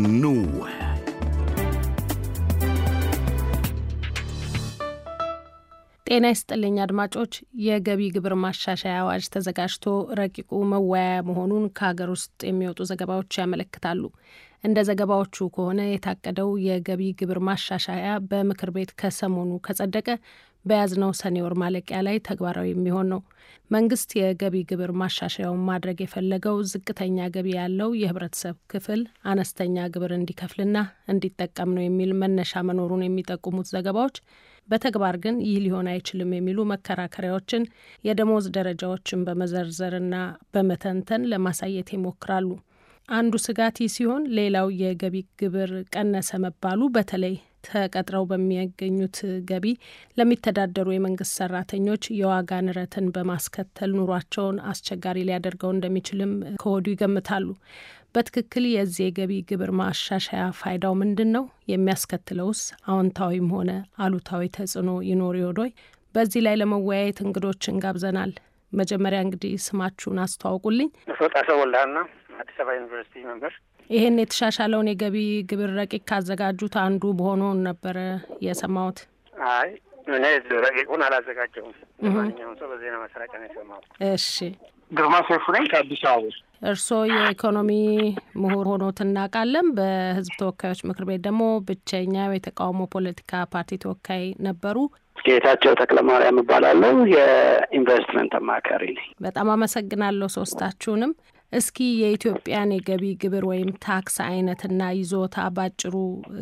nowhere. ጤና ይስጥልኝ አድማጮች። የገቢ ግብር ማሻሻያ አዋጅ ተዘጋጅቶ ረቂቁ መወያያ መሆኑን ከሀገር ውስጥ የሚወጡ ዘገባዎች ያመለክታሉ። እንደ ዘገባዎቹ ከሆነ የታቀደው የገቢ ግብር ማሻሻያ በምክር ቤት ከሰሞኑ ከጸደቀ በያዝነው ሰኔ ወር ማለቂያ ላይ ተግባራዊ የሚሆን ነው። መንግስት የገቢ ግብር ማሻሻያውን ማድረግ የፈለገው ዝቅተኛ ገቢ ያለው የህብረተሰብ ክፍል አነስተኛ ግብር እንዲከፍልና እንዲጠቀም ነው የሚል መነሻ መኖሩን የሚጠቁሙት ዘገባዎች፣ በተግባር ግን ይህ ሊሆን አይችልም የሚሉ መከራከሪያዎችን የደሞዝ ደረጃዎችን በመዘርዘርና በመተንተን ለማሳየት ይሞክራሉ። አንዱ ስጋት ይህ ሲሆን፣ ሌላው የገቢ ግብር ቀነሰ መባሉ በተለይ ተቀጥረው በሚያገኙት ገቢ ለሚተዳደሩ የመንግስት ሰራተኞች የዋጋ ንረትን በማስከተል ኑሯቸውን አስቸጋሪ ሊያደርገው እንደሚችልም ከወዱ ይገምታሉ። በትክክል የዚህ የገቢ ግብር ማሻሻያ ፋይዳው ምንድን ነው? የሚያስከትለውስ አዎንታዊም ሆነ አሉታዊ ተጽዕኖ ይኖር ይሆን? በዚህ ላይ ለመወያየት እንግዶችን ጋብዘናል። መጀመሪያ እንግዲህ ስማችሁን አስተዋውቁልኝ። ሶጣ ወልዳና አዲስ አበባ ዩኒቨርሲቲ መምህር ይህን የተሻሻለውን የገቢ ግብር ረቂቅ ካዘጋጁት አንዱ በሆነውን ነበረ የሰማሁት። አይ እኔ ረቂቁን አላዘጋጀውም። ማንኛውም ሰው በዜና ማሰራጫ ነው የሰማሁት። እሺ፣ ግርማ ሰይፉ ነኝ ከአዲስ አበባ። እርስዎ የኢኮኖሚ ምሁር ሆኖ እናውቃለን። በህዝብ ተወካዮች ምክር ቤት ደግሞ ብቸኛው የተቃውሞ ፖለቲካ ፓርቲ ተወካይ ነበሩ። ጌታቸው ተክለማርያም እባላለሁ። የኢንቨስትመንት አማካሪ ነኝ። በጣም አመሰግናለሁ ሶስታችሁንም። እስኪ የኢትዮጵያን የገቢ ግብር ወይም ታክስ አይነትና ይዞታ ባጭሩ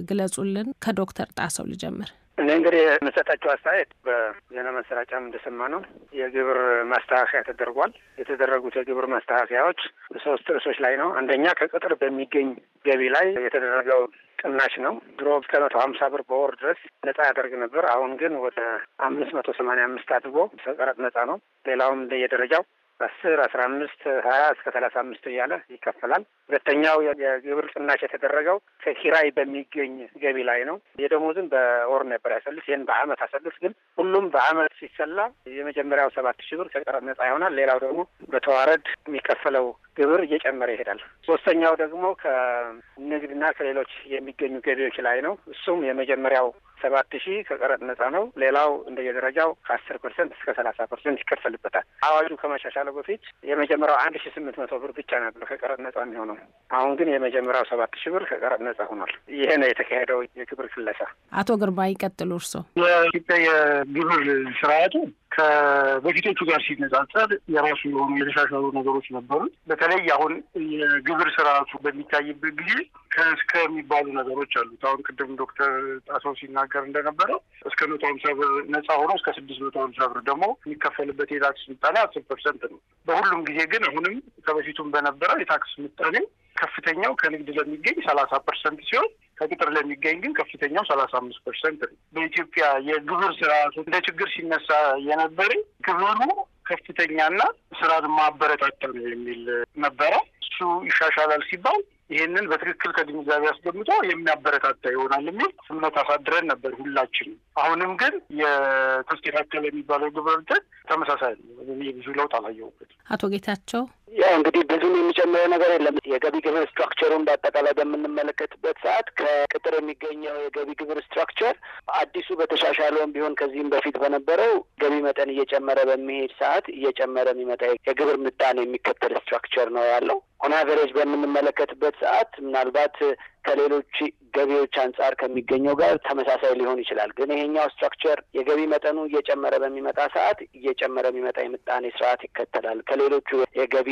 ግለጹልን። ከዶክተር ጣሰው ልጀምር። እኔ እንግዲህ የምሰጣቸው አስተያየት በዜና መሰራጫም እንደሰማ ነው የግብር ማስተካከያ ተደርጓል። የተደረጉት የግብር ማስተካከያዎች በሶስት ርዕሶች ላይ ነው። አንደኛ ከቅጥር በሚገኝ ገቢ ላይ የተደረገው ቅናሽ ነው። ድሮ እስከ መቶ ሀምሳ ብር በወር ድረስ ነጻ ያደርግ ነበር። አሁን ግን ወደ አምስት መቶ ሰማንያ አምስት አድርጎ ከቀረጥ ነጻ ነው። ሌላውም እንደየደረጃው አስር አስራ አምስት ሀያ እስከ ሰላሳ አምስት እያለ ይከፈላል። ሁለተኛው የግብር ቅናሽ የተደረገው ከኪራይ በሚገኝ ገቢ ላይ ነው። የደሞዝን በወር ነበር ያሰልስ፣ ይህን በአመት አሰልስ። ግን ሁሉም በአመት ሲሰላ የመጀመሪያው ሰባት ሺህ ብር ከቀረጥ ነጻ ይሆናል። ሌላው ደግሞ በተዋረድ የሚከፈለው ግብር እየጨመረ ይሄዳል። ሶስተኛው ደግሞ ከንግድና ከሌሎች የሚገኙ ገቢዎች ላይ ነው። እሱም የመጀመሪያው ሰባት ሺህ ከቀረጥ ነጻ ነው። ሌላው እንደየደረጃው ከአስር ፐርሰንት እስከ ሰላሳ ፐርሰንት ይከፈልበታል። አዋጁ ከመሻሻሉ በፊት የመጀመሪያው አንድ ሺህ ስምንት መቶ ብር ብቻ ነበር ከቀረጥ ነጻ የሚሆነው። አሁን ግን የመጀመሪያው ሰባት ሺህ ብር ከቀረጥ ነጻ ሆኗል። ይሄ ነው የተካሄደው የግብር ክለሳ። አቶ ግርማ ይቀጥሉ። እርሶ የኢትዮጵያ የግብር ስርዓቱ ከበፊቶቹ ጋር ሲነጻጸር የራሱ የሆኑ የተሻሻሉ ነገሮች ነበሩት። በተለይ አሁን የግብር ስርዓቱ በሚታይበት ጊዜ ከእስከ የሚባሉ ነገሮች አሉት። አሁን ቅድም ዶክተር ጣሰው ሲናገር እንደነበረው እስከ መቶ ሀምሳ ብር ነጻ ሆኖ እስከ ስድስት መቶ ሀምሳ ብር ደግሞ የሚከፈልበት የታክስ ምጣኔ አስር ፐርሰንት ነው። በሁሉም ጊዜ ግን አሁንም ከበፊቱም በነበረው የታክስ ምጣኔ ከፍተኛው ከንግድ ለሚገኝ ሰላሳ ፐርሰንት ሲሆን ከቅጥር ለሚገኝ ግን ከፍተኛው ሰላሳ አምስት ፐርሰንት ነው። በኢትዮጵያ የግብር ስርዓቱ እንደ ችግር ሲነሳ የነበረ ግብሩ ከፍተኛና ስራ ማበረታታ ነው የሚል ነበረ። እሱ ይሻሻላል ሲባል ይህንን በትክክል ከግንዛቤ አስገምቶ የሚያበረታታ ይሆናል የሚል እምነት አሳድረን ነበር ሁላችን። አሁንም ግን የተስተካከለ የሚባለው ግብረ ተመሳሳይ ነው። ብዙ ለውጥ አላየሁበት። አቶ ጌታቸው ያው እንግዲህ ብዙም የሚጨምረው ነገር የለም። የገቢ ግብር ስትራክቸሩን በአጠቃላይ በምንመለከትበት ሰዓት ከቅጥር የሚገኘው የገቢ ግብር ስትራክቸር አዲሱ በተሻሻለውም ቢሆን ከዚህም በፊት በነበረው ገቢ መጠን እየጨመረ በሚሄድ ሰዓት እየጨመረ የሚመጣ የግብር ምጣኔ የሚከተል ስትራክቸር ነው ያለው። ኦናቨሬጅ በምንመለከትበት ሰዓት ምናልባት ከሌሎች ገቢዎች አንጻር ከሚገኘው ጋር ተመሳሳይ ሊሆን ይችላል። ግን ይሄኛው ስትራክቸር የገቢ መጠኑ እየጨመረ በሚመጣ ሰዓት እየጨመረ የሚመጣ የምጣኔ ስርዓት ይከተላል። ከሌሎቹ የገቢ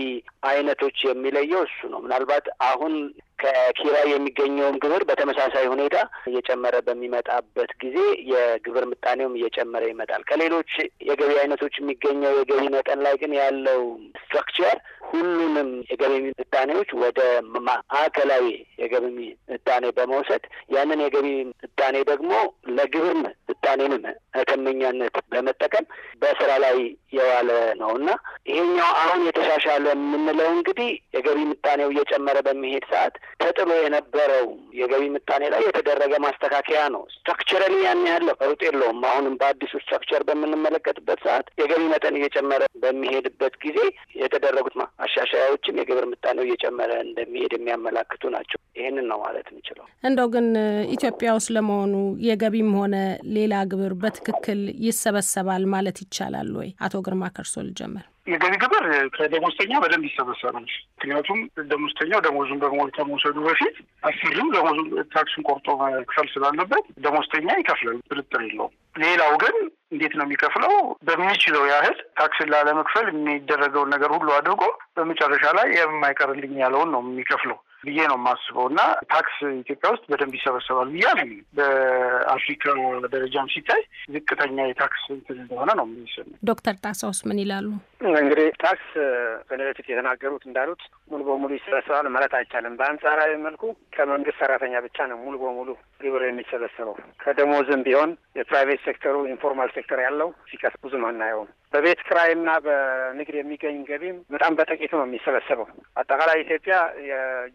አይነቶች የሚለየው እሱ ነው። ምናልባት አሁን ከኪራይ የሚገኘውም ግብር በተመሳሳይ ሁኔታ እየጨመረ በሚመጣበት ጊዜ የግብር ምጣኔውም እየጨመረ ይመጣል። ከሌሎች የገቢ አይነቶች የሚገኘው የገቢ መጠን ላይ ግን ያለው ስትራክቸር ሁሉንም የገቢ ምጣኔዎች ወደ ማዕከላዊ የገቢ ምጣኔ በመውሰድ ያንን የገቢ ምጣኔ ደግሞ ለግብር ምጣኔንም ከመኛነት በመጠቀም በስራ ላይ የዋለ ነው እና ይሄኛው አሁን የተሻሻለ የምንለው እንግዲህ የገቢ ምጣኔው እየጨመረ በሚሄድ ሰዓት ተጥሎ የነበረው የገቢ ምጣኔ ላይ የተደረገ ማስተካከያ ነው። ስትራክቸረሊ ያን ያህል ለውጥ የለውም። አሁንም በአዲሱ ስትራክቸር በምንመለከትበት ሰዓት የገቢ መጠን እየጨመረ በሚሄድበት ጊዜ የተደረጉት ማሻሻያዎችም የግብር ምጣኔው እየጨመረ እንደሚሄድ የሚያመላክቱ ናቸው። ይህንን ነው ማለት የምችለው። እንደው ግን ኢትዮጵያ ውስጥ ለመሆኑ የገቢም ሆነ ሌላ ግብር በትክክል ይሰበሰባል ማለት ይቻላል ወይ? አቶ ግርማ ከርሶ ልጀምር። የገቢ ግብር ከደሞዝተኛ በደንብ ይሰበሰባል። ምክንያቱም ደሞዝተኛው ደሞዙን በመሆን ከመውሰዱ በፊት አሰሪው ደሞዙን ታክሱን ቆርጦ መክፈል ስላለበት ደሞዝተኛ ይከፍላል፣ ጥርጥር የለውም። ሌላው ግን እንዴት ነው የሚከፍለው? በሚችለው ያህል ታክስን ላለመክፈል የሚደረገውን ነገር ሁሉ አድርጎ በመጨረሻ ላይ የማይቀርልኝ ያለውን ነው የሚከፍለው። ብዬ ነው የማስበው እና ታክስ ኢትዮጵያ ውስጥ በደንብ ይሰበሰባል ብዬ በአፍሪካ ደረጃም ሲታይ ዝቅተኛ የታክስ እንትን እንደሆነ ነው የሚሰማኝ። ዶክተር ጣሳውስ ምን ይላሉ? እንግዲህ ታክስ በፊት የተናገሩት እንዳሉት ሙሉ በሙሉ ይሰበሰባል ማለት አይቻልም። በአንጻራዊ መልኩ ከመንግስት ሰራተኛ ብቻ ነው ሙሉ በሙሉ ግብር የሚሰበሰበው። ከደሞዝም ቢሆን የፕራይቬት ሴክተሩ ኢንፎርማል ሴክተር ያለው ሲከስ ብዙም አናየውም። በቤት ክራይና በንግድ የሚገኝ ገቢም በጣም በጥቂቱ ነው የሚሰበሰበው። አጠቃላይ ኢትዮጵያ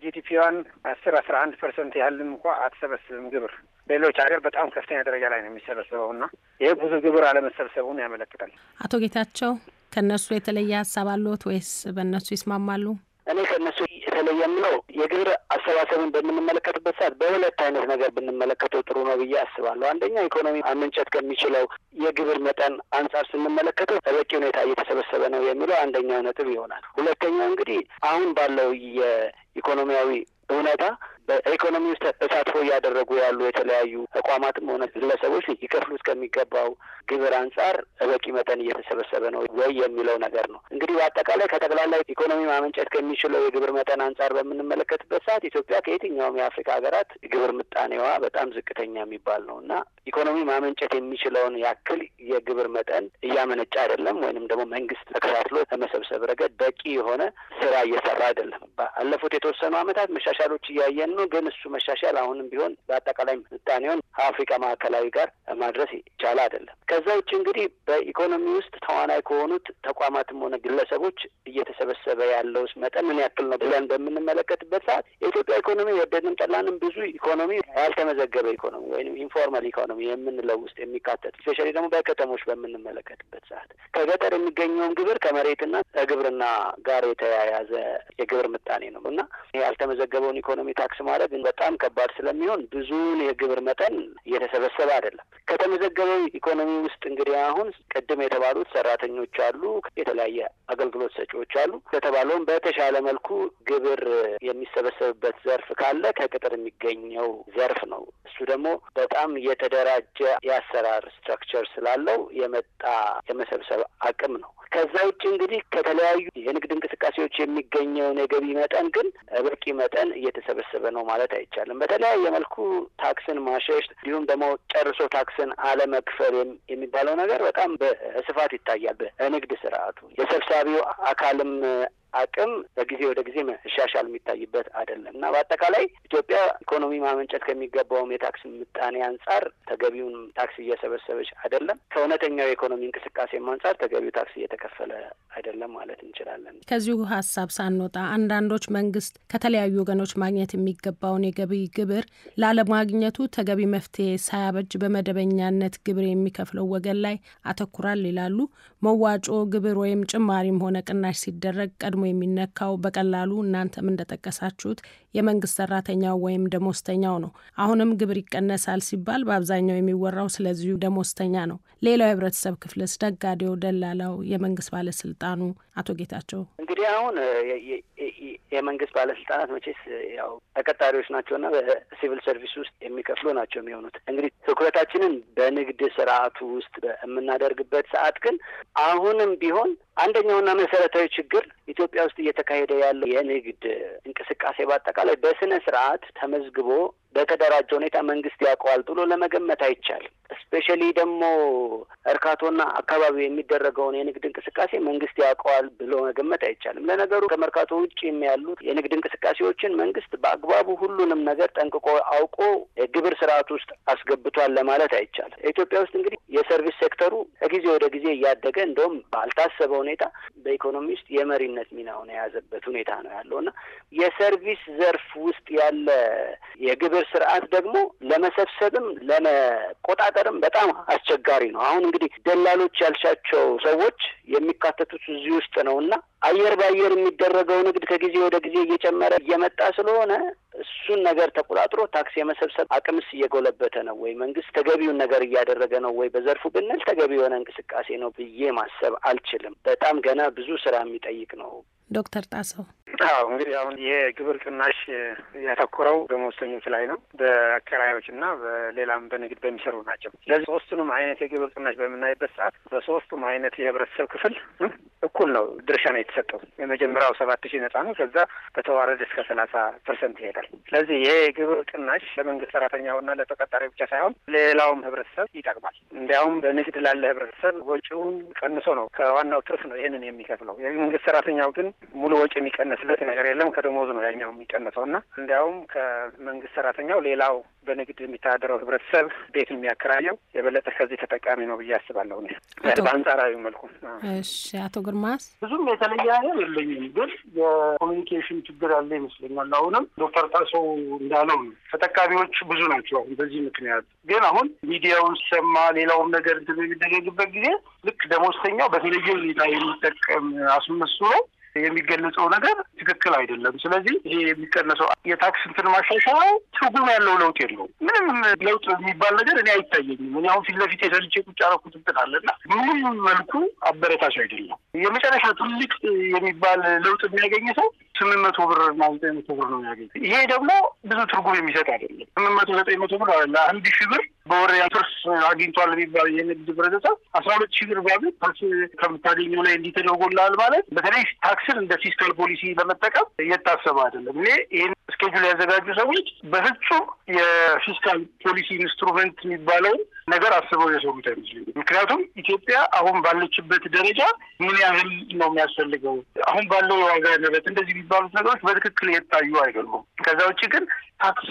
የጂ ኢትዮጵያውያን አስር አስራ አንድ ፐርሰንት ያህልን እንኳ አትሰበስብም ግብር ሌሎች ሀገር በጣም ከፍተኛ ደረጃ ላይ ነው የሚሰበሰበው እና ይህ ብዙ ግብር አለመሰብሰቡን ያመለክታል። አቶ ጌታቸው ከእነሱ የተለየ ሀሳብ አለዎት ወይስ በእነሱ ይስማማሉ? እኔ ከእነሱ ላይ የምለው የግብር አሰባሰብን በምንመለከትበት ሰዓት በሁለት አይነት ነገር ብንመለከተው ጥሩ ነው ብዬ አስባለሁ። አንደኛ ኢኮኖሚ አመንጨት ከሚችለው የግብር መጠን አንጻር ስንመለከተው በበቂ ሁኔታ እየተሰበሰበ ነው የሚለው አንደኛው ነጥብ ይሆናል። ሁለተኛው እንግዲህ አሁን ባለው የኢኮኖሚያዊ እውነታ በኢኮኖሚ ውስጥ ተሳትፎ እያደረጉ ያሉ የተለያዩ ተቋማትም ሆነ ግለሰቦች ሊከፍሉት ከሚገባው ግብር አንጻር በቂ መጠን እየተሰበሰበ ነው ወይ የሚለው ነገር ነው። እንግዲህ በአጠቃላይ ከጠቅላላ ኢኮኖሚ ማመንጨት ከሚችለው የግብር መጠን አንጻር በምንመለከትበት ሰዓት ኢትዮጵያ ከየትኛውም የአፍሪካ ሀገራት ግብር ምጣኔዋ በጣም ዝቅተኛ የሚባል ነው እና ኢኮኖሚ ማመንጨት የሚችለውን ያክል የግብር መጠን እያመነጨ አይደለም፣ ወይንም ደግሞ መንግስት ተከታትሎ በመሰብሰብ ረገድ በቂ የሆነ ስራ እየሰራ አይደለም። ባለፉት የተወሰኑ ዓመታት መሻሻሎች እያየን ነው። ግን እሱ መሻሻል አሁንም ቢሆን በአጠቃላይ ምጣኔውን ከአፍሪካ ማዕከላዊ ጋር ማድረስ ይቻል አይደለም። ከዛ ውጭ እንግዲህ በኢኮኖሚ ውስጥ ተዋናይ ከሆኑት ተቋማትም ሆነ ግለሰቦች እየተሰበሰበ ያለው መጠን ምን ያክል ነው ብለን በምንመለከትበት ሰዓት የኢትዮጵያ ኢኮኖሚ ወደድንም ጠላንም ብዙ ኢኮኖሚ ያልተመዘገበ ኢኮኖሚ ወይም ኢንፎርማል ኢኮኖሚ የምንለው ውስጥ የሚካተት ስፔሻሊ ደግሞ በከተሞች በምንመለከትበት ሰዓት ከገጠር የሚገኘውን ግብር ከመሬትና ከግብርና ጋር የተያያዘ የግብር ምጣኔ ነው እና ያልተመዘገበውን ኢኮኖሚ ታክስ ማድረግ በጣም ከባድ ስለሚሆን ብዙውን የግብር መጠን እየተሰበሰበ አይደለም። ከተመዘገበው ኢኮኖሚ ውስጥ እንግዲህ አሁን ቅድም የተባሉት ሰራተኞች አሉ፣ የተለያየ አገልግሎት ሰጪዎች አሉ። ለተባለውም በተሻለ መልኩ ግብር የሚሰበሰብበት ዘርፍ ካለ ከቅጥር የሚገኘው ዘርፍ ነው እንዳልኩ ደግሞ በጣም የተደራጀ የአሰራር ስትራክቸር ስላለው የመጣ የመሰብሰብ አቅም ነው። ከዛ ውጭ እንግዲህ ከተለያዩ የንግድ እንቅስቃሴዎች የሚገኘውን የገቢ መጠን ግን በቂ መጠን እየተሰበሰበ ነው ማለት አይቻልም። በተለያየ መልኩ ታክስን ማሸሽ እንዲሁም ደግሞ ጨርሶ ታክስን አለመክፈል የሚባለው ነገር በጣም በስፋት ይታያል በንግድ ስርዓቱ የሰብሳቢው አካልም አቅም በጊዜ ወደ ጊዜ መሻሻል የሚታይበት አይደለም እና በአጠቃላይ ኢትዮጵያ ኢኮኖሚ ማመንጨት ከሚገባውም የታክስ ምጣኔ አንጻር ተገቢውን ታክስ እየሰበሰበች አይደለም። ከእውነተኛው የኢኮኖሚ እንቅስቃሴም አንጻር ተገቢው ታክስ እየተከፈለ አይደለም ማለት እንችላለን። ከዚሁ ሀሳብ ሳንወጣ አንዳንዶች መንግስት ከተለያዩ ወገኖች ማግኘት የሚገባውን የገቢ ግብር ላለማግኘቱ ተገቢ መፍትሄ ሳያበጅ በመደበኛነት ግብር የሚከፍለው ወገን ላይ አተኩራል ይላሉ። መዋጮ ግብር ወይም ጭማሪም ሆነ ቅናሽ ሲደረግ ቀድሞ ደግሞ የሚነካው በቀላሉ እናንተም እንደጠቀሳችሁት የመንግስት ሰራተኛው ወይም ደሞዝተኛው ነው። አሁንም ግብር ይቀነሳል ሲባል በአብዛኛው የሚወራው ስለዚሁ ደሞዝተኛ ነው። ሌላው የህብረተሰብ ክፍልስ? ነጋዴው፣ ደላላው፣ የመንግስት ባለስልጣኑ? አቶ ጌታቸው እንግዲህ አሁን የመንግስት ባለስልጣናት መቼስ ያው ተቀጣሪዎች ናቸውና በሲቪል ሰርቪስ ውስጥ የሚከፍሉ ናቸው የሚሆኑት። እንግዲህ ትኩረታችንን በንግድ ስርዓቱ ውስጥ በምናደርግበት ሰዓት ግን አሁንም ቢሆን አንደኛውና መሰረታዊ ችግር ኢትዮጵያ ውስጥ እየተካሄደ ያለው የንግድ እንቅስቃሴ በአጠቃላይ በስነ ስርዓት ተመዝግቦ በተደራጀ ሁኔታ መንግስት ያውቀዋል ብሎ ለመገመት አይቻልም። ስፔሻሊ ደግሞ እርካቶና አካባቢው የሚደረገውን የንግድ እንቅስቃሴ መንግስት ያውቀዋል ብሎ መገመት አይቻልም። ለነገሩ ከመርካቶ ውጭ የሚያሉት የንግድ እንቅስቃሴዎችን መንግስት በአግባቡ ሁሉንም ነገር ጠንቅቆ አውቆ የግብር ስርዓት ውስጥ አስገብቷል ለማለት አይቻልም። ኢትዮጵያ ውስጥ እንግዲህ የሰርቪስ ሴክተሩ ከጊዜ ወደ ጊዜ እያደገ እንደውም ባልታሰበ ሁኔታ በኢኮኖሚ ውስጥ የመሪነት ሚናውን የያዘበት ሁኔታ ነው ያለው እና የሰርቪስ ዘርፍ ውስጥ ያለ የግብር ስርዓት ደግሞ ለመሰብሰብም ለመቆጣጠርም በጣም አስቸጋሪ ነው። አሁን እንግዲህ ደላሎች ያልሻቸው ሰዎች የሚካተቱት እዚህ ውስጥ ነው እና አየር በአየር የሚደረገው ንግድ ከጊዜ ወደ ጊዜ እየጨመረ እየመጣ ስለሆነ እሱን ነገር ተቆጣጥሮ ታክስ የመሰብሰብ አቅምስ እየጎለበተ ነው ወይ? መንግስት ተገቢውን ነገር እያደረገ ነው ወይ? በዘርፉ ብንል ተገቢ የሆነ እንቅስቃሴ ነው ብዬ ማሰብ አልችልም። በጣም ገና ብዙ ስራ የሚጠይቅ ነው። ዶክተር ጣሰው አዎ እንግዲህ አሁን ይሄ ግብር ቅናሽ ያተኮረው በመወሰኞች ላይ ነው፣ በአከራዮች እና በሌላም በንግድ በሚሰሩ ናቸው። ስለዚህ ሶስቱንም አይነት የግብር ቅናሽ በምናይበት ሰዓት በሶስቱም አይነት የህብረተሰብ ክፍል እኩል ነው ድርሻ ነው የተሰጠው። የመጀመሪያው ሰባት ሺህ ነጻ ነው። ከዛ በተዋረድ እስከ ሰላሳ ፐርሰንት ይሄዳል። ስለዚህ ይሄ ግብር ቅናሽ ለመንግስት ሰራተኛውና ለተቀጣሪ ብቻ ሳይሆን ሌላውም ህብረተሰብ ይጠቅማል። እንዲያውም በንግድ ላለ ህብረተሰብ ወጪውን ቀንሶ ነው ከዋናው ትርፍ ነው ይህንን የሚከፍለው። የመንግስት ሰራተኛው ግን ሙሉ ወጪ የሚቀነስለት ነገር የለም። ከደሞዝ ነው ያኛው የሚቀነሰው እና እንዲያውም ከመንግስት ሰራተኛው ሌላው በንግድ የሚተዳደረው ህብረተሰብ ቤት የሚያከራየው የበለጠ ከዚህ ተጠቃሚ ነው ብዬ አስባለሁ። በአንጻራዊ መልኩ እሺ። አቶ ግርማስ ብዙም የተለየ የለኝም፣ ግን የኮሚኒኬሽን ችግር ያለ ይመስለኛል። አሁንም ዶክተር ጣሶ እንዳለው ነው ተጠቃሚዎች ብዙ ናቸው። አሁን በዚህ ምክንያት ግን አሁን ሚዲያውን ሲሰማ ሌላውም ነገር እንትን ጊዜ ልክ ደሞዝተኛው በተለየ ሁኔታ የሚጠቀም አስመስሎ የሚገለጸው ነገር ትክክል አይደለም። ስለዚህ ይሄ የሚቀነሰው የታክስ እንትን ማሻሻያው ትርጉም ያለው ለውጥ የለውም። ምንም ለውጥ የሚባል ነገር እኔ አይታየኝም። እኔ አሁን ፊት ለፊት የሰልቼ ቁጭ አደረኩት እንትን አለና ምንም መልኩ አበረታች አይደለም። የመጨረሻ ትልቅ የሚባል ለውጥ የሚያገኝ ሰው ስምንት መቶ ብር እና ዘጠኝ መቶ ብር ነው የሚያገኝ። ይሄ ደግሞ ብዙ ትርጉም የሚሰጥ አይደለም። ስምንት መቶ ዘጠኝ መቶ ብር አንድ ሺህ ብር በወር ትርፍ አግኝቷል የሚባል የንግድ ህብረተሰብ አስራ ሁለት ሺህ ብር ቢያገኝ ታክስ ከምታገኘው ላይ እንዲተደርጎልሃል ማለት በተለይ ታክስን እንደ ፊስካል ፖሊሲ ለመጠቀም እየታሰበ አይደለም። እኔ ይህን ስኬጁል ያዘጋጁ ሰዎች በፍጹም የፊስካል ፖሊሲ ኢንስትሩመንት የሚባለውን ነገር አስበው የሰሩት አይመስለኝም። ምክንያቱም ኢትዮጵያ አሁን ባለችበት ደረጃ ምን ያህል ነው የሚያስፈልገው አሁን ባለው የዋጋ ንረት እንደዚህ የሚባሉት ነገሮች በትክክል የታዩ አይደሉም። ከዛ ውጭ ግን ታክስ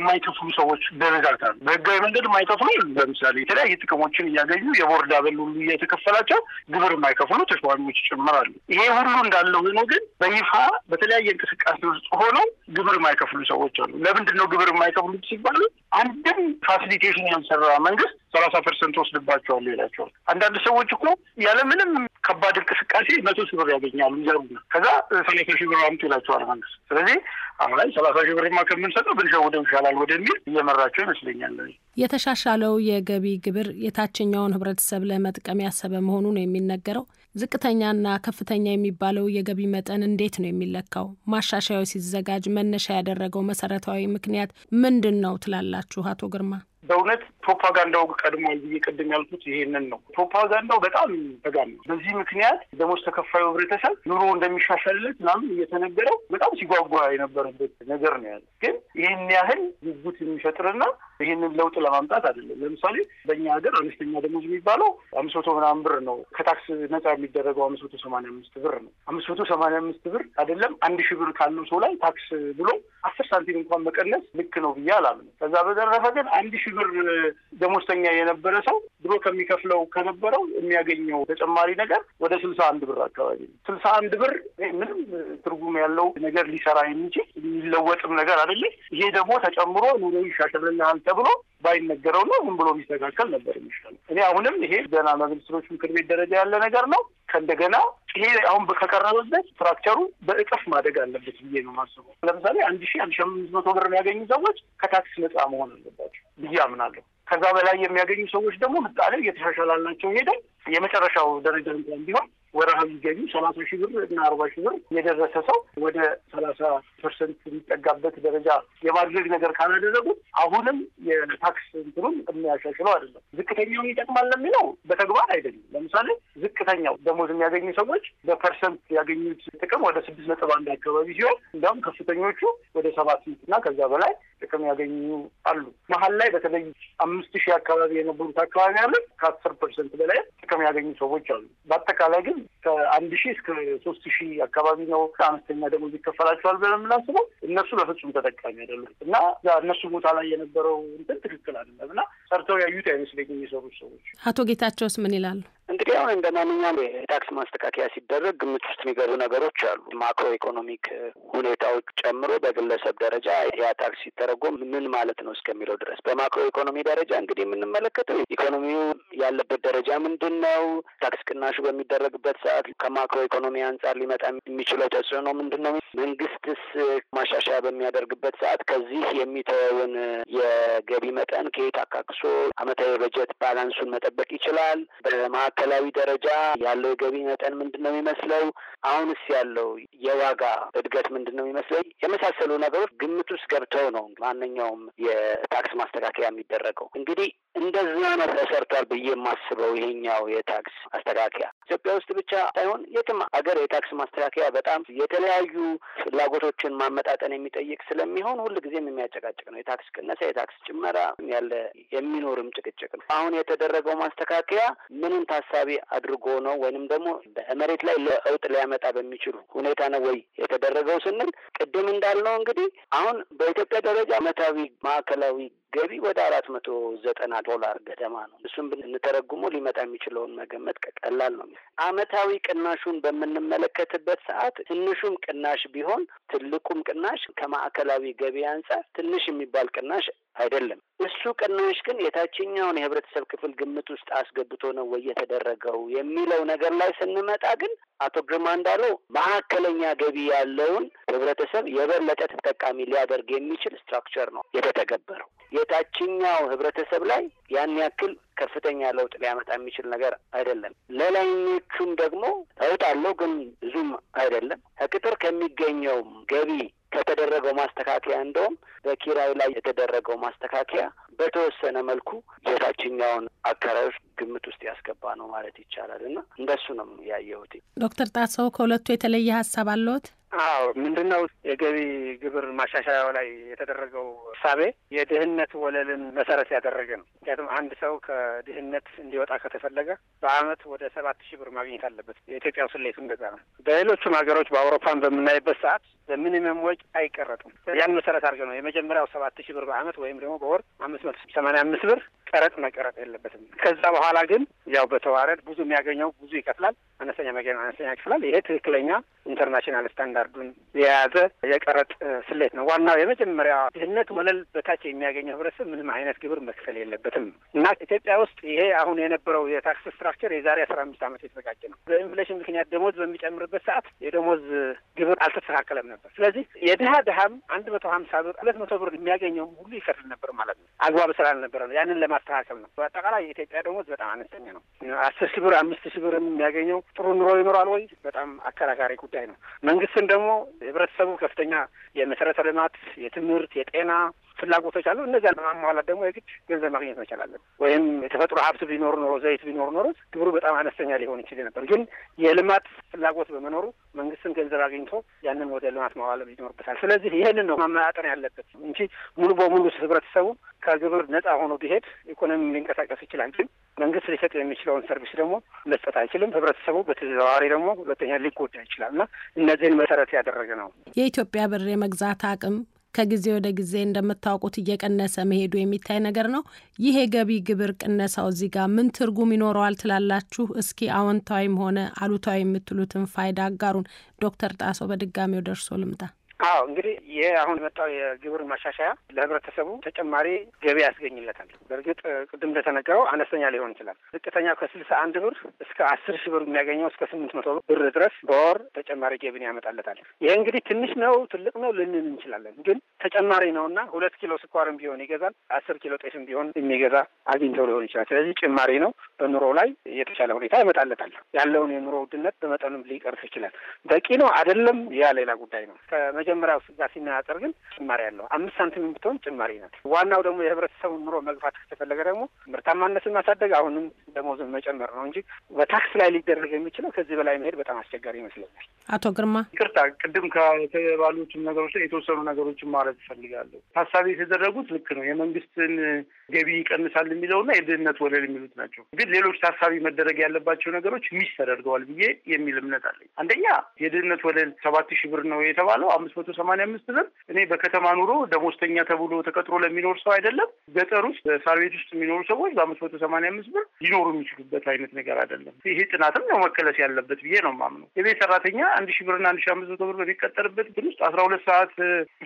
የማይከፍሉ ሰዎች በብዛት አሉ። በህጋዊ መንገድ የማይከፍሉ ለምሳሌ የተለያየ ጥቅሞችን እያገኙ የቦርድ አበል ሁሉ እየተከፈላቸው ግብር የማይከፍሉ ተሿሚዎች ይጨምራሉ። ይሄ ሁሉ እንዳለ ሆኖ ግን በይፋ በተለያየ እንቅስቃሴ ውስጥ ሆነው ግብር የማይከፍሉ ሰዎች አሉ። ለምንድን ነው ግብር የማይከፍሉ ሲባሉ አንድም ፋሲሊቴሽን ያልሰራ መንግስት ሰላሳ ፐርሰንት ወስድባቸዋል ይላቸዋል። አንዳንድ ሰዎች እኮ ያለምንም ከባድ እንቅስቃሴ መቶ ሺህ ብር ያገኛሉ ይዘሩ ከዛ ሰላሳ ሺህ ብር አምጡ ይላቸዋል መንግስት። ስለዚህ አሁን ላይ ሰላሳ ሺህ ብርማ ከምንሰጠው ብንሸውደው ይሻላል ወደሚል እየመራቸው ይመስለኛል። የተሻሻለው የገቢ ግብር የታችኛውን ህብረተሰብ ለመጥቀም ያሰበ መሆኑ ነው የሚነገረው። ዝቅተኛና ከፍተኛ የሚባለው የገቢ መጠን እንዴት ነው የሚለካው? ማሻሻያው ሲዘጋጅ መነሻ ያደረገው መሰረታዊ ምክንያት ምንድን ነው ትላላችሁ አቶ ግርማ? በእውነት ፕሮፓጋንዳው ቀድሟል ብዬ ቅድም ያልኩት ይሄንን ነው። ፕሮፓጋንዳው በጣም ተጋሚ ነው። በዚህ ምክንያት ደሞዝ ተከፋዩ ህብረተሰብ ኑሮ እንደሚሻሻልለት ምናምን እየተነገረው በጣም ሲጓጓ የነበረበት ነገር ነው ያለ። ግን ይህን ያህል ጉጉት የሚፈጥርና ይህንን ለውጥ ለማምጣት አይደለም። ለምሳሌ በእኛ ሀገር አነስተኛ ደሞዝ የሚባለው አምስት መቶ ምናምን ብር ነው። ከታክስ ነጻ የሚደረገው አምስት መቶ ሰማንያ አምስት ብር ነው። አምስት መቶ ሰማንያ አምስት ብር አይደለም አንድ ሺህ ብር ካለው ሰው ላይ ታክስ ብሎ አስር ሳንቲም እንኳን መቀነስ ልክ ነው ብዬ አላምንም። ከዛ በተረፈ ግን አንድ ሺህ ብር ደሞዝተኛ የነበረ ሰው ድሮ ከሚከፍለው ከነበረው የሚያገኘው ተጨማሪ ነገር ወደ ስልሳ አንድ ብር አካባቢ ነው። ስልሳ አንድ ብር ምንም ትርጉም ያለው ነገር ሊሰራ የሚችል የሚለወጥም ነገር አይደለም። ይሄ ደግሞ ተጨምሮ ኑሮ ይሻሻልልሃል ተብሎ ባይነገረው ነው ዝም ብሎ ቢስተካከል ነበር የሚሻለው። እኔ አሁንም ይሄ ገና በሚኒስትሮች ምክር ቤት ደረጃ ያለ ነገር ነው። ከእንደገና ይሄ አሁን ከቀረበበት ስትራክቸሩ በእጥፍ ማደግ አለበት ብዬ ነው ማስበው። ለምሳሌ አንድ ሺ አንድ ሺህ አምስት መቶ ብር የሚያገኙ ሰዎች ከታክስ ነጻ መሆን አለባቸው ብዬ አምናለሁ። ከዛ በላይ የሚያገኙ ሰዎች ደግሞ ምጣኔ እየተሻሻላላቸው ይሄዳል። የመጨረሻው ደረጃ እንኳን ቢሆን ወርሃዊ ገቢ ሰላሳ ሺህ ብር እና አርባ ሺህ ብር የደረሰ ሰው ወደ ሰላሳ ፐርሰንት የሚጠጋበት ደረጃ የማድረግ ነገር ካላደረጉ አሁንም የታክስ እንትኑን የሚያሻሽለው አይደለም። ዝቅተኛውን ይጠቅማል ለሚለው በተግባር አይደለም። ለምሳሌ ዝቅተኛው ደሞዝ የሚያገኙ ሰዎች በፐርሰንት ያገኙት ጥቅም ወደ ስድስት ነጥብ አንድ አካባቢ ሲሆን እንዲሁም ከፍተኞቹ ወደ ሰባት እና ከዛ በላይ ጥቅም ያገኙ አሉ። መሀል ላይ በተለይ አምስት ሺህ አካባቢ የነበሩት አካባቢ አለ ከአስር ፐርሰንት በላይ ጥቅም ያገኙ ሰዎች አሉ። በአጠቃላይ ግን ከአንድ ሺህ እስከ ሶስት ሺህ አካባቢ ነው አነስተኛ ደሞዝ ይከፈላቸዋል ብለን የምናስበው እነሱ በፍጹም ተጠቃሚ አይደሉም እና እነሱ ቦታ ላይ የነበረው እንትን ትክክል አይደለም እና ሰርተው ያዩት አይመስለኝም የሰሩት ሰዎች። አቶ ጌታቸውስ ምን ይላሉ? እንግዲህ አሁን እንደ ማንኛውም የታክስ ማስተካከያ ሲደረግ ግምት ውስጥ የሚገቡ ነገሮች አሉ። ማክሮ ኢኮኖሚክ ሁኔታዎች ጨምሮ በግለሰብ ደረጃ ያ ታክስ ሲተረጎም ምን ማለት ነው እስከሚለው ድረስ በማክሮ ኢኮኖሚ ደረጃ እንግዲህ የምንመለከተው ኢኮኖሚው ያለበት ደረጃ ምንድን ነው፣ ታክስ ቅናሹ በሚደረግበት ሰዓት ከማክሮ ኢኮኖሚ አንጻር ሊመጣ የሚችለው ተጽዕኖ ምንድን ነው፣ መንግስትስ ማሻሻያ በሚያደርግበት ሰዓት ከዚህ የሚተወውን የገቢ መጠን ከየት አካክሶ አመታዊ በጀት ባላንሱን መጠበቅ ይችላል በማ በማዕከላዊ ደረጃ ያለው የገቢ መጠን ምንድን ነው የሚመስለው? አሁንስ ያለው የዋጋ እድገት ምንድን ነው የሚመስለው? የመሳሰሉ ነገሮች ግምት ውስጥ ገብተው ነው ማንኛውም የታክስ ማስተካከያ የሚደረገው። እንግዲህ እንደዚህ ነው ተሰርቷል ብዬ የማስበው ይሄኛው የታክስ ማስተካከያ ኢትዮጵያ ውስጥ ብቻ ሳይሆን የትም ሀገር የታክስ ማስተካከያ በጣም የተለያዩ ፍላጎቶችን ማመጣጠን የሚጠይቅ ስለሚሆን ጊዜም የሚያጨቃጭቅ ነው። የታክስ ቅነሳ፣ የታክስ ጭመራ ያለ የሚኖርም ጭቅጭቅ ነው። አሁን የተደረገው ማስተካከያ ምንን ታ ታሳቢ አድርጎ ነው ወይንም ደግሞ በመሬት ላይ ለእውጥ ሊያመጣ በሚችሉ ሁኔታ ነው ወይ የተደረገው ስንል ቅድም እንዳልነው እንግዲህ አሁን በኢትዮጵያ ደረጃ ዓመታዊ ማዕከላዊ ገቢ ወደ አራት መቶ ዘጠና ዶላር ገደማ ነው። እሱም ብንተረጉሞ ሊመጣ የሚችለውን መገመት ቀላል ነው። አመታዊ ቅናሹን በምንመለከትበት ሰዓት ትንሹም ቅናሽ ቢሆን ትልቁም ቅናሽ ከማዕከላዊ ገቢ አንጻር ትንሽ የሚባል ቅናሽ አይደለም። እሱ ቅናሽ ግን የታችኛውን የህብረተሰብ ክፍል ግምት ውስጥ አስገብቶ ነው ወይ የተደረገው የሚለው ነገር ላይ ስንመጣ ግን አቶ ግርማ እንዳለው መካከለኛ ገቢ ያለውን ህብረተሰብ የበለጠ ተጠቃሚ ሊያደርግ የሚችል ስትራክቸር ነው የተተገበረው። የታችኛው ህብረተሰብ ላይ ያን ያክል ከፍተኛ ለውጥ ሊያመጣ የሚችል ነገር አይደለም። ለላይኞቹም ደግሞ ለውጥ አለው፣ ግን ብዙም አይደለም። ከቅጥር ከሚገኘው ገቢ ከተደረገው ማስተካከያ እንደውም በኪራይ ላይ የተደረገው ማስተካከያ በተወሰነ መልኩ የታችኛውን አከራዮች ግምት ውስጥ ያስገባ ነው ማለት ይቻላል እና እንደሱ ነው ያየሁት። ዶክተር ጣሰው ከሁለቱ የተለየ ሀሳብ አለዎት? አዎ ምንድነው የገቢ ግብር ማሻሻያው ላይ የተደረገው እሳቤ የድህነት ወለልን መሰረት ያደረገ ነው። ምክንያቱም አንድ ሰው ከድህነት እንዲወጣ ከተፈለገ በአመት ወደ ሰባት ሺህ ብር ማግኘት አለበት። የኢትዮጵያ ስሌቱ እንደዛ ነው። በሌሎቹም ሀገሮች በአውሮፓን በምናይበት ሰዓት በሚኒመም ወጪ አይቀረጥም። ያን መሰረት አድርገ ነው የመጀመሪያው ሰባት ሺህ ብር በአመት ወይም ደግሞ በወር አምስት መቶ ሰማንያ አምስት ብር ቀረጥ መቀረጥ የለበትም። ከዛ በኋላ ግን ያው በተዋረድ ብዙ የሚያገኘው ብዙ ይከፍላል፣ አነስተኛ የሚያገኘው አነስተኛ ይከፍላል። ይሄ ትክክለኛ ኢንተርናሽናል ስታንዳርዱን የያዘ የቀረጥ ስሌት ነው። ዋናው የመጀመሪያ ድህነት ወለል በታች የሚያገኘው ህብረተሰብ ምንም አይነት ግብር መክፈል የለበትም እና ኢትዮጵያ ውስጥ ይሄ አሁን የነበረው የታክስ ስትራክቸር የዛሬ አስራ አምስት ዓመት የተዘጋጀ ነው። በኢንፍሌሽን ምክንያት ደሞዝ በሚጨምርበት ሰዓት የደሞዝ ግብር አልተስተካከለም ነበር። ስለዚህ የድሃ ድሃም አንድ መቶ ሀምሳ ብር ሁለት መቶ ብር የሚያገኘው ሁሉ ይከፍል ነበር ማለት ነው። አግባብ ስላልነበረ ነው ያንን ለማ ማስተካከል ነው። በአጠቃላይ የኢትዮጵያ ደሞዝ በጣም አነስተኛ ነው። አስር ሺ ብር አምስት ሺ ብር የሚያገኘው ጥሩ ኑሮ ይኖራል ወይ? በጣም አከራካሪ ጉዳይ ነው። መንግስትን ደግሞ ህብረተሰቡ ከፍተኛ የመሰረተ ልማት የትምህርት፣ የጤና ፍላጎቶች አሉ። እነዚያን በማሟላት ደግሞ የግድ ገንዘብ ማግኘት መቻል አለን። ወይም የተፈጥሮ ሀብት ቢኖር ኖሮ ዘይት ቢኖር ኖሮ ግብሩ በጣም አነስተኛ ሊሆን ይችል ነበር። ግን የልማት ፍላጎት በመኖሩ መንግስትን ገንዘብ አግኝቶ ያንን ወደ ልማት ማዋለም ይኖርበታል። ስለዚህ ይህንን ነው ማመጣጠን ያለበት እንጂ ሙሉ በሙሉ ህብረተሰቡ ከግብር ነጻ ሆኖ ቢሄድ ኢኮኖሚ ሊንቀሳቀስ ይችላል። ግን መንግስት ሊሰጥ የሚችለውን ሰርቪስ ደግሞ መስጠት አይችልም። ህብረተሰቡ በተዘዋዋሪ ደግሞ ሁለተኛ ሊጎዳ ይችላል እና እነዚህን መሰረት ያደረገ ነው። የኢትዮጵያ ብር የመግዛት አቅም ከጊዜ ወደ ጊዜ እንደምታውቁት እየቀነሰ መሄዱ የሚታይ ነገር ነው። ይህ የገቢ ግብር ቅነሳው እዚህ ጋር ምን ትርጉም ይኖረዋል ትላላችሁ? እስኪ አዎንታዊም ሆነ አሉታዊ የምትሉትን ፋይዳ አጋሩን። ዶክተር ጣሶ በድጋሚው ደርሶ ልምጣ። አዎ እንግዲህ ይህ አሁን የመጣው የግብር ማሻሻያ ለህብረተሰቡ ተጨማሪ ገቢ ያስገኝለታል። በእርግጥ ቅድም እንደተነገረው አነስተኛ ሊሆን ይችላል። ዝቅተኛው ከስልሳ አንድ ብር እስከ አስር ሺህ ብር የሚያገኘው እስከ ስምንት መቶ ብር ድረስ በወር ተጨማሪ ገቢን ያመጣለታል። ይህ እንግዲህ ትንሽ ነው ትልቅ ነው ልንል እንችላለን፣ ግን ተጨማሪ ነው እና ሁለት ኪሎ ስኳርም ቢሆን ይገዛል፣ አስር ኪሎ ጤፍም ቢሆን የሚገዛ አግኝተው ሊሆን ይችላል። ስለዚህ ጭማሪ ነው። በኑሮ ላይ የተሻለ ሁኔታ ይመጣለታል። ያለውን የኑሮ ውድነት በመጠኑም ሊቀርፍ ይችላል። በቂ ነው አይደለም፣ ያ ሌላ ጉዳይ ነው። ከመጀመሪያው ጋር ሲነጻጸር ግን ጭማሪ ያለው አምስት ሳንቲም የምትሆን ጭማሪ ናት። ዋናው ደግሞ የህብረተሰቡ ኑሮ መግፋት ከተፈለገ ደግሞ ምርታማነትን ማሳደግ፣ አሁንም ደሞዝን መጨመር ነው እንጂ በታክስ ላይ ሊደረግ የሚችለው ከዚህ በላይ መሄድ በጣም አስቸጋሪ ይመስለኛል። አቶ ግርማ ይቅርታ፣ ቅድም ከተባሉትም ነገሮች ላይ የተወሰኑ ነገሮችን ማለት እፈልጋለሁ። ታሳቢ የተደረጉት ልክ ነው። የመንግስትን ገቢ ይቀንሳል የሚለውና የድህነት ወለል የሚሉት ናቸው ግን ሌሎች ታሳቢ መደረግ ያለባቸው ነገሮች ሚስ ተደርገዋል ብዬ የሚል እምነት አለኝ። አንደኛ የድህነት ወለል ሰባት ሺህ ብር ነው የተባለው አምስት መቶ ሰማንያ አምስት ብር እኔ በከተማ ኑሮ ደሞዝተኛ ተብሎ ተቀጥሮ ለሚኖር ሰው አይደለም። ገጠር ውስጥ ሳር ቤት ውስጥ የሚኖሩ ሰዎች በአምስት መቶ ሰማንያ አምስት ብር ሊኖሩ የሚችሉበት አይነት ነገር አይደለም። ይሄ ጥናትም ነው መከለስ ያለበት ብዬ ነው የማምነው። የቤት ሰራተኛ አንድ ሺህ ብርና አንድ ሺህ አምስት መቶ ብር በሚቀጠርበት ግን ውስጥ አስራ ሁለት ሰዓት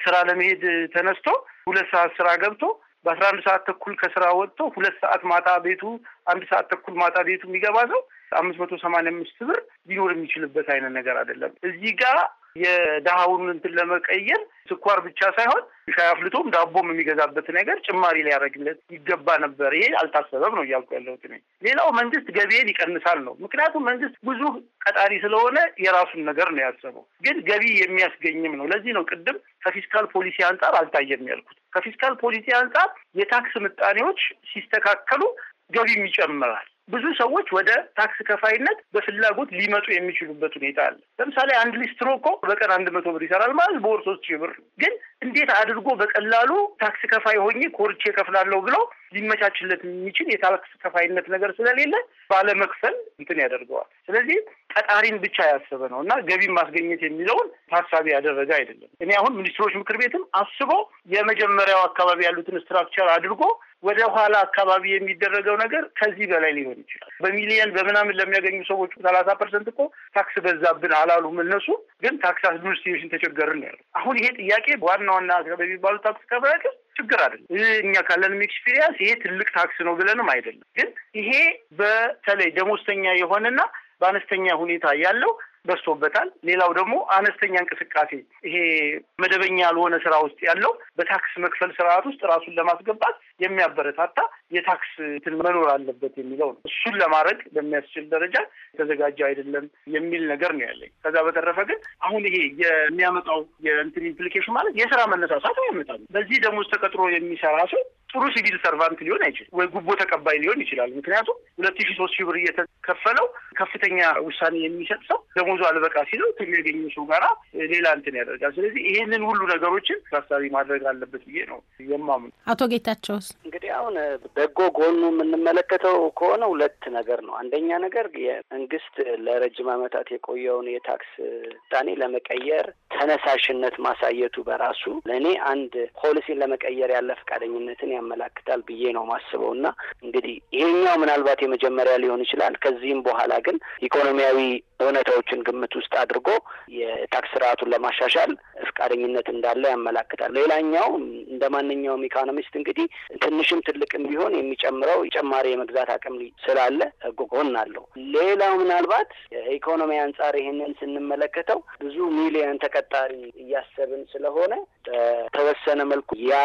ስራ ለመሄድ ተነስቶ ሁለት ሰዓት ስራ ገብቶ በአስራ አንድ ሰዓት ተኩል ከስራ ወጥቶ ሁለት ሰዓት ማታ ቤቱ አንድ ሰዓት ተኩል ማታ ቤቱ የሚገባ ሰው አምስት መቶ ሰማንያ አምስት ብር ሊኖር የሚችልበት አይነት ነገር አይደለም። እዚህ ጋር የድሃውን እንትን ለመቀየር ስኳር ብቻ ሳይሆን ሻይ አፍልቶም ዳቦም የሚገዛበት ነገር ጭማሪ ሊያደርግለት ይገባ ነበር። ይሄ አልታሰበም ነው እያልኩ ያለሁት እኔ። ሌላው መንግስት ገቢን ይቀንሳል ነው። ምክንያቱም መንግስት ብዙ ቀጣሪ ስለሆነ የራሱን ነገር ነው ያሰበው፣ ግን ገቢ የሚያስገኝም ነው። ለዚህ ነው ቅድም ከፊስካል ፖሊሲ አንጻር አልታየም ያልኩት። ከፊስካል ፖሊሲ አንጻር የታክስ ምጣኔዎች ሲስተካከሉ ገቢም ይጨምራል። ብዙ ሰዎች ወደ ታክስ ከፋይነት በፍላጎት ሊመጡ የሚችሉበት ሁኔታ አለ። ለምሳሌ አንድ ሊስትሮ እኮ በቀን አንድ መቶ ብር ይሰራል ማለት በወር ሶስት ሺህ ብር ግን እንዴት አድርጎ በቀላሉ ታክስ ከፋይ ሆኜ ኮርቼ ከፍላለሁ ብለው ሊመቻችለት የሚችል የታክስ ከፋይነት ነገር ስለሌለ ባለመክፈል እንትን ያደርገዋል። ስለዚህ ቀጣሪን ብቻ ያሰበ ነው እና ገቢን ማስገኘት የሚለውን ታሳቢ ያደረገ አይደለም። እኔ አሁን ሚኒስትሮች ምክር ቤትም አስቦ የመጀመሪያው አካባቢ ያሉትን ስትራክቸር አድርጎ ወደ ኋላ አካባቢ የሚደረገው ነገር ከዚህ በላይ ሊሆን ይችላል። በሚሊየን በምናምን ለሚያገኙ ሰዎቹ ሰላሳ ፐርሰንት እኮ ታክስ በዛብን አላሉም እነሱ ግን ታክስ አድሚኒስትሬሽን ተቸገርን ያሉ። አሁን ይሄ ጥያቄ ዋና ዋና በሚባሉ ታክስ ከበረክስ ችግር አይደለም። እኛ ካለንም ኤክስፒሪንስ ይሄ ትልቅ ታክስ ነው ብለንም አይደለም። ግን ይሄ በተለይ ደሞዝተኛ የሆነና በአነስተኛ ሁኔታ ያለው ደርሶበታል። ሌላው ደግሞ አነስተኛ እንቅስቃሴ ይሄ መደበኛ ያልሆነ ስራ ውስጥ ያለው በታክስ መክፈል ስርዓት ውስጥ ራሱን ለማስገባት የሚያበረታታ የታክስ እንትን መኖር አለበት የሚለው ነው። እሱን ለማድረግ በሚያስችል ደረጃ የተዘጋጀ አይደለም የሚል ነገር ነው ያለኝ። ከዛ በተረፈ ግን አሁን ይሄ የሚያመጣው የእንትን ኢምፕሊኬሽን ማለት የስራ መነሳሳት ያመጣል። በዚህ ደሞዝ ተቀጥሮ የሚሰራ ሰው ጥሩ ሲቪል ሰርቫንት ሊሆን አይችልም፣ ወይ ጉቦ ተቀባይ ሊሆን ይችላል። ምክንያቱም ሁለት ሺ ሶስት ሺ ብር እየተከፈለው ከፍተኛ ውሳኔ የሚሰጥ ሰው ደሞዙ አልበቃ ሲለው ከሚያገኙ ሰው ጋራ ሌላ እንትን ያደርጋል። ስለዚህ ይህንን ሁሉ ነገሮችን ታሳቢ ማድረግ አለበት ብዬ ነው የማምኑ። አቶ ጌታቸውስ እንግዲህ አሁን በጎ ጎኑ የምንመለከተው ከሆነ ሁለት ነገር ነው። አንደኛ ነገር የመንግስት ለረጅም ዓመታት የቆየውን የታክስ ስልጣኔ ለመቀየር ተነሳሽነት ማሳየቱ በራሱ ለእኔ አንድ ፖሊሲን ለመቀየር ያለ ፈቃደኝነትን ያመላክታል ብዬ ነው ማስበው እና እንግዲህ ይሄኛው ምናልባት የመጀመሪያ ሊሆን ይችላል። ከዚህም በኋላ ግን ኢኮኖሚያዊ እውነታዎችን ግምት ውስጥ አድርጎ የታክስ ስርዓቱን ለማሻሻል ፍቃደኝነት እንዳለ ያመላክታል። ሌላኛው እንደ ማንኛውም ኢኮኖሚስት እንግዲህ ትንሽም ትልቅም ቢሆን የሚጨምረው ጨማሪ የመግዛት አቅም ስላለ ጎን አለው። ሌላው ምናልባት የኢኮኖሚ አንጻር ይህንን ስንመለከተው ብዙ ሚሊዮን ተቀጣሪ እያሰብን ስለሆነ በተወሰነ መልኩ ያ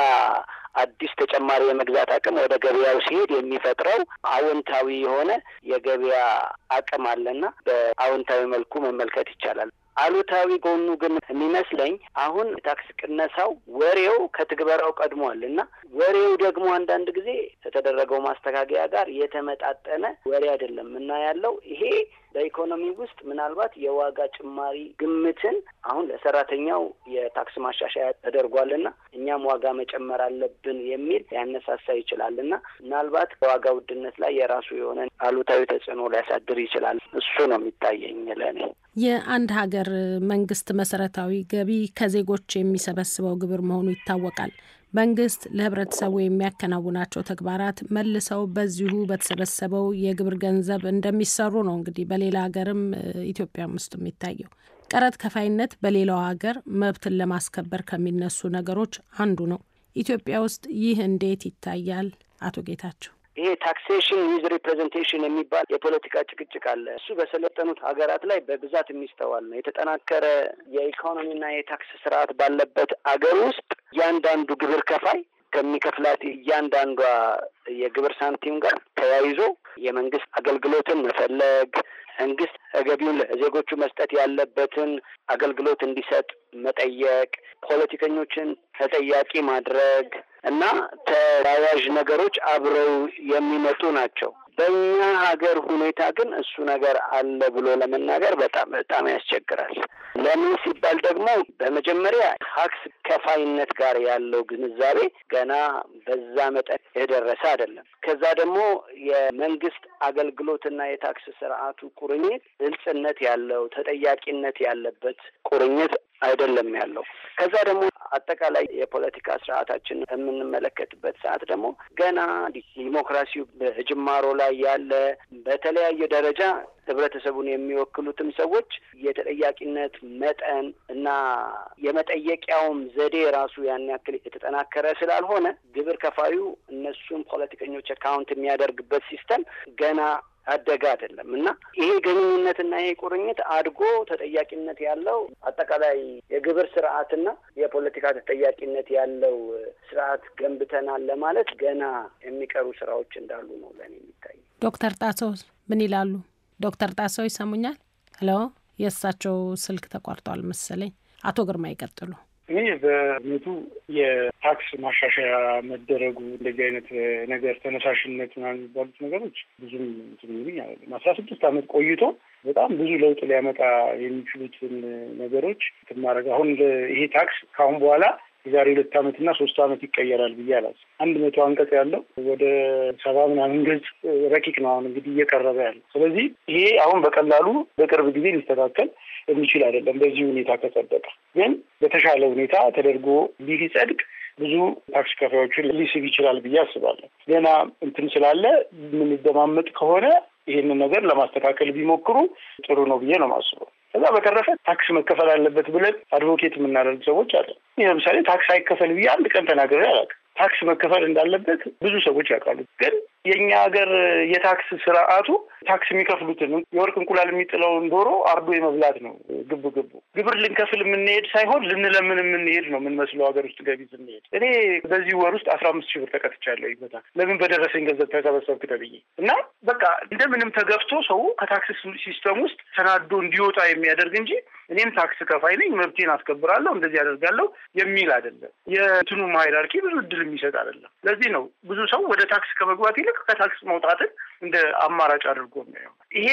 አዲስ ተጨማሪ የመግዛት አቅም ወደ ገበያው ሲሄድ የሚፈጥረው አዎንታዊ የሆነ የገበያ አቅም አለና በአዎንታዊ መልኩ መመልከት ይቻላል። አሉታዊ ጎኑ ግን የሚመስለኝ አሁን ታክስ ቅነሳው ወሬው ከትግበራው ቀድሟል እና ወሬው ደግሞ አንዳንድ ጊዜ ከተደረገው ማስተካከያ ጋር የተመጣጠነ ወሬ አይደለም እና ያለው ይሄ በኢኮኖሚ ውስጥ ምናልባት የዋጋ ጭማሪ ግምትን አሁን ለሰራተኛው የታክስ ማሻሻያ ተደርጓልና እኛም ዋጋ መጨመር አለብን የሚል ሊያነሳሳ ይችላል ምናልባት በዋጋ ውድነት ላይ የራሱ የሆነ አሉታዊ ተጽዕኖ ሊያሳድር ይችላል። እሱ ነው የሚታየኝ ለእኔ። የአንድ ሀገር መንግስት መሰረታዊ ገቢ ከዜጎች የሚሰበስበው ግብር መሆኑ ይታወቃል። መንግስት ለህብረተሰቡ የሚያከናውናቸው ተግባራት መልሰው በዚሁ በተሰበሰበው የግብር ገንዘብ እንደሚሰሩ ነው። እንግዲህ በሌላ ሀገርም ኢትዮጵያ ውስጥ የሚታየው ቀረጥ ከፋይነት በሌላው ሀገር መብትን ለማስከበር ከሚነሱ ነገሮች አንዱ ነው። ኢትዮጵያ ውስጥ ይህ እንዴት ይታያል? አቶ ጌታቸው ይሄ ታክሴሽን ዊዝ ሪፕሬዘንቴሽን የሚባል የፖለቲካ ጭቅጭቅ አለ። እሱ በሰለጠኑት ሀገራት ላይ በብዛት የሚስተዋል ነው። የተጠናከረ የኢኮኖሚና የታክስ ስርዓት ባለበት አገር ውስጥ እያንዳንዱ ግብር ከፋይ ከሚከፍላት እያንዳንዷ የግብር ሳንቲም ጋር ተያይዞ የመንግስት አገልግሎትን መፈለግ መንግስት ገቢውን ለዜጎቹ መስጠት ያለበትን አገልግሎት እንዲሰጥ መጠየቅ፣ ፖለቲከኞችን ተጠያቂ ማድረግ እና ተያያዥ ነገሮች አብረው የሚመጡ ናቸው። በኛ ሀገር ሁኔታ ግን እሱ ነገር አለ ብሎ ለመናገር በጣም በጣም ያስቸግራል። ለምን ሲባል ደግሞ በመጀመሪያ ታክስ ከፋይነት ጋር ያለው ግንዛቤ ገና በዛ መጠን የደረሰ አይደለም። ከዛ ደግሞ የመንግስት አገልግሎትና የታክስ ስርዓቱ ቁርኝት ግልጽነት ያለው ተጠያቂነት ያለበት ቁርኝት አይደለም ያለው። ከዛ ደግሞ አጠቃላይ የፖለቲካ ስርዓታችን የምንመለከትበት ሰዓት ደግሞ ገና ዲሞክራሲው በጅማሮ ላይ ያለ በተለያየ ደረጃ ህብረተሰቡን የሚወክሉትም ሰዎች የተጠያቂነት መጠን እና የመጠየቂያውም ዘዴ ራሱ ያን ያክል የተጠናከረ ስላልሆነ ግብር ከፋዩ እነሱም ፖለቲከኞች አካውንት የሚያደርግበት ሲስተም ገና አደገ አይደለም እና ይሄ ግንኙነትና ይሄ ቁርኝት አድጎ ተጠያቂነት ያለው አጠቃላይ የግብር ስርዓትና የፖለቲካ ተጠያቂነት ያለው ስርዓት ገንብተናል ለማለት ገና የሚቀሩ ስራዎች እንዳሉ ነው ለእኔ የሚታይ። ዶክተር ጣሰው ምን ይላሉ? ዶክተር ጣሰው ይሰሙኛል? ሄሎ የእሳቸው ስልክ ተቋርጧል መሰለኝ። አቶ ግርማ ይቀጥሉ። እኔ በእውነቱ የታክስ ማሻሻያ መደረጉ እንደዚህ አይነት ነገር ተነሳሽነት ምናምን የሚባሉት ነገሮች ብዙም ትንግኝ አይደለም። አስራ ስድስት አመት ቆይቶ በጣም ብዙ ለውጥ ሊያመጣ የሚችሉትን ነገሮች ትማረግ አሁን ይሄ ታክስ ከአሁን በኋላ የዛሬ ሁለት ዓመትና ሶስት ዓመት ይቀየራል ብዬ አላስ አንድ መቶ አንቀጽ ያለው ወደ ሰባ ምናምን ገጽ ረቂቅ ነው አሁን እንግዲህ እየቀረበ ያለው። ስለዚህ ይሄ አሁን በቀላሉ በቅርብ ጊዜ ሊስተካከል የሚችል አይደለም። በዚህ ሁኔታ ከጸደቀ ግን በተሻለ ሁኔታ ተደርጎ ሊጸድቅ ብዙ ታክስ ከፋዮችን ሊስብ ይችላል ብዬ አስባለሁ። ገና እንትን ስላለ የምንደማመጥ ከሆነ ይህንን ነገር ለማስተካከል ቢሞክሩ ጥሩ ነው ብዬ ነው የማስበው። ከዛ በተረፈ ታክስ መከፈል አለበት ብለን አድቮኬት የምናደርግ ሰዎች አለ። ይህ ለምሳሌ ታክስ አይከፈል ብዬ አንድ ቀን ተናግሬ አላውቅም። ታክስ መከፈል እንዳለበት ብዙ ሰዎች ያውቃሉ፣ ግን የእኛ ሀገር የታክስ ስርዓቱ ታክስ የሚከፍሉትን የወርቅ እንቁላል የሚጥለውን ዶሮ አርዶ የመብላት ነው ግቡ ግቡ። ግብር ልንከፍል የምንሄድ ሳይሆን ልንለምን የምንሄድ ነው የምንመስለው ሀገር ውስጥ ገቢ ስንሄድ። እኔ በዚህ ወር ውስጥ አስራ አምስት ሺህ ብር ተቀጥቻለሁ በታክስ ለምን በደረሰኝ ገንዘብ ተሰበሰብክ ተብዬ እና በቃ እንደምንም ተገፍቶ ሰው ከታክስ ሲስተም ውስጥ ተናዶ እንዲወጣ የሚያደርግ እንጂ እኔም ታክስ ከፋይ ነኝ መብቴን አስከብራለሁ እንደዚህ ያደርጋለሁ የሚል አይደለም። የትኑም ሃይራርኪ ብዙ እድል የሚሰጥ አይደለም። ለዚህ ነው ብዙ ሰው ወደ ታክስ ከመግባት ይልቅ ከቀሳል ከታክስ መውጣትን እንደ አማራጭ አድርጎ ነው። ይሄ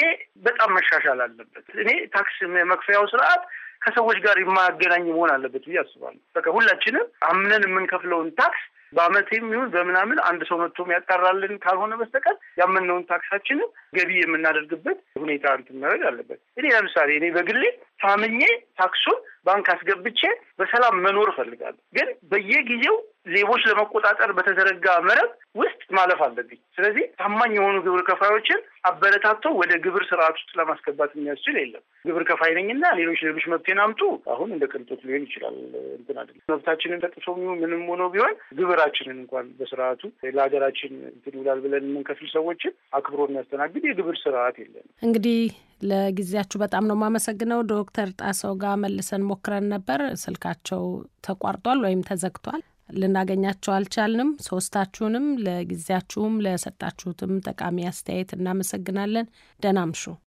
በጣም መሻሻል አለበት። እኔ ታክስ መክፈያው ስርዓት ከሰዎች ጋር የማያገናኝ መሆን አለበት ብዬ አስባለሁ። በቃ ሁላችንም አምነን የምንከፍለውን ታክስ በአመት የሚሆን በምናምን አንድ ሰው መጥቶ ያጣራልን ካልሆነ በስተቀር ያመነውን ታክሳችንም ገቢ የምናደርግበት ሁኔታ እንትን መረግ አለበት። እኔ ለምሳሌ እኔ በግሌ ታምኜ ታክሱን ባንክ አስገብቼ በሰላም መኖር እፈልጋለሁ። ግን በየጊዜው ሌቦች ለመቆጣጠር በተዘረጋ መረብ ውስጥ ማለፍ አለብኝ። ስለዚህ ታማኝ የሆኑ ግብር ከፋዮችን አበረታቶ ወደ ግብር ስርዓት ውስጥ ለማስገባት የሚያስችል የለም። ግብር ከፋይ ነኝና ሌሎች ሌሎች መብቴን አምጡ አሁን እንደ ቅንጦት ሊሆን ይችላል። እንትን አይደለም። መብታችንን ተጥሶ ምንም ሆኖ ቢሆን ግብራችንን እንኳን በስርዓቱ ለሀገራችን እንትን ይውላል ብለን የምንከፍል ሰዎችን አክብሮ የሚያስተናግድ የግብር ስርዓት የለም። እንግዲህ ለጊዜያችሁ በጣም ነው የማመሰግነው። ዶክተር ጣሰው ጋር መልሰን ሞክረን ነበር፣ ስልካቸው ተቋርጧል ወይም ተዘግቷል። ልናገኛቸው አልቻልንም። ሶስታችሁንም ለጊዜያችሁም ለሰጣችሁትም ጠቃሚ አስተያየት እናመሰግናለን። ደህና እምሹ።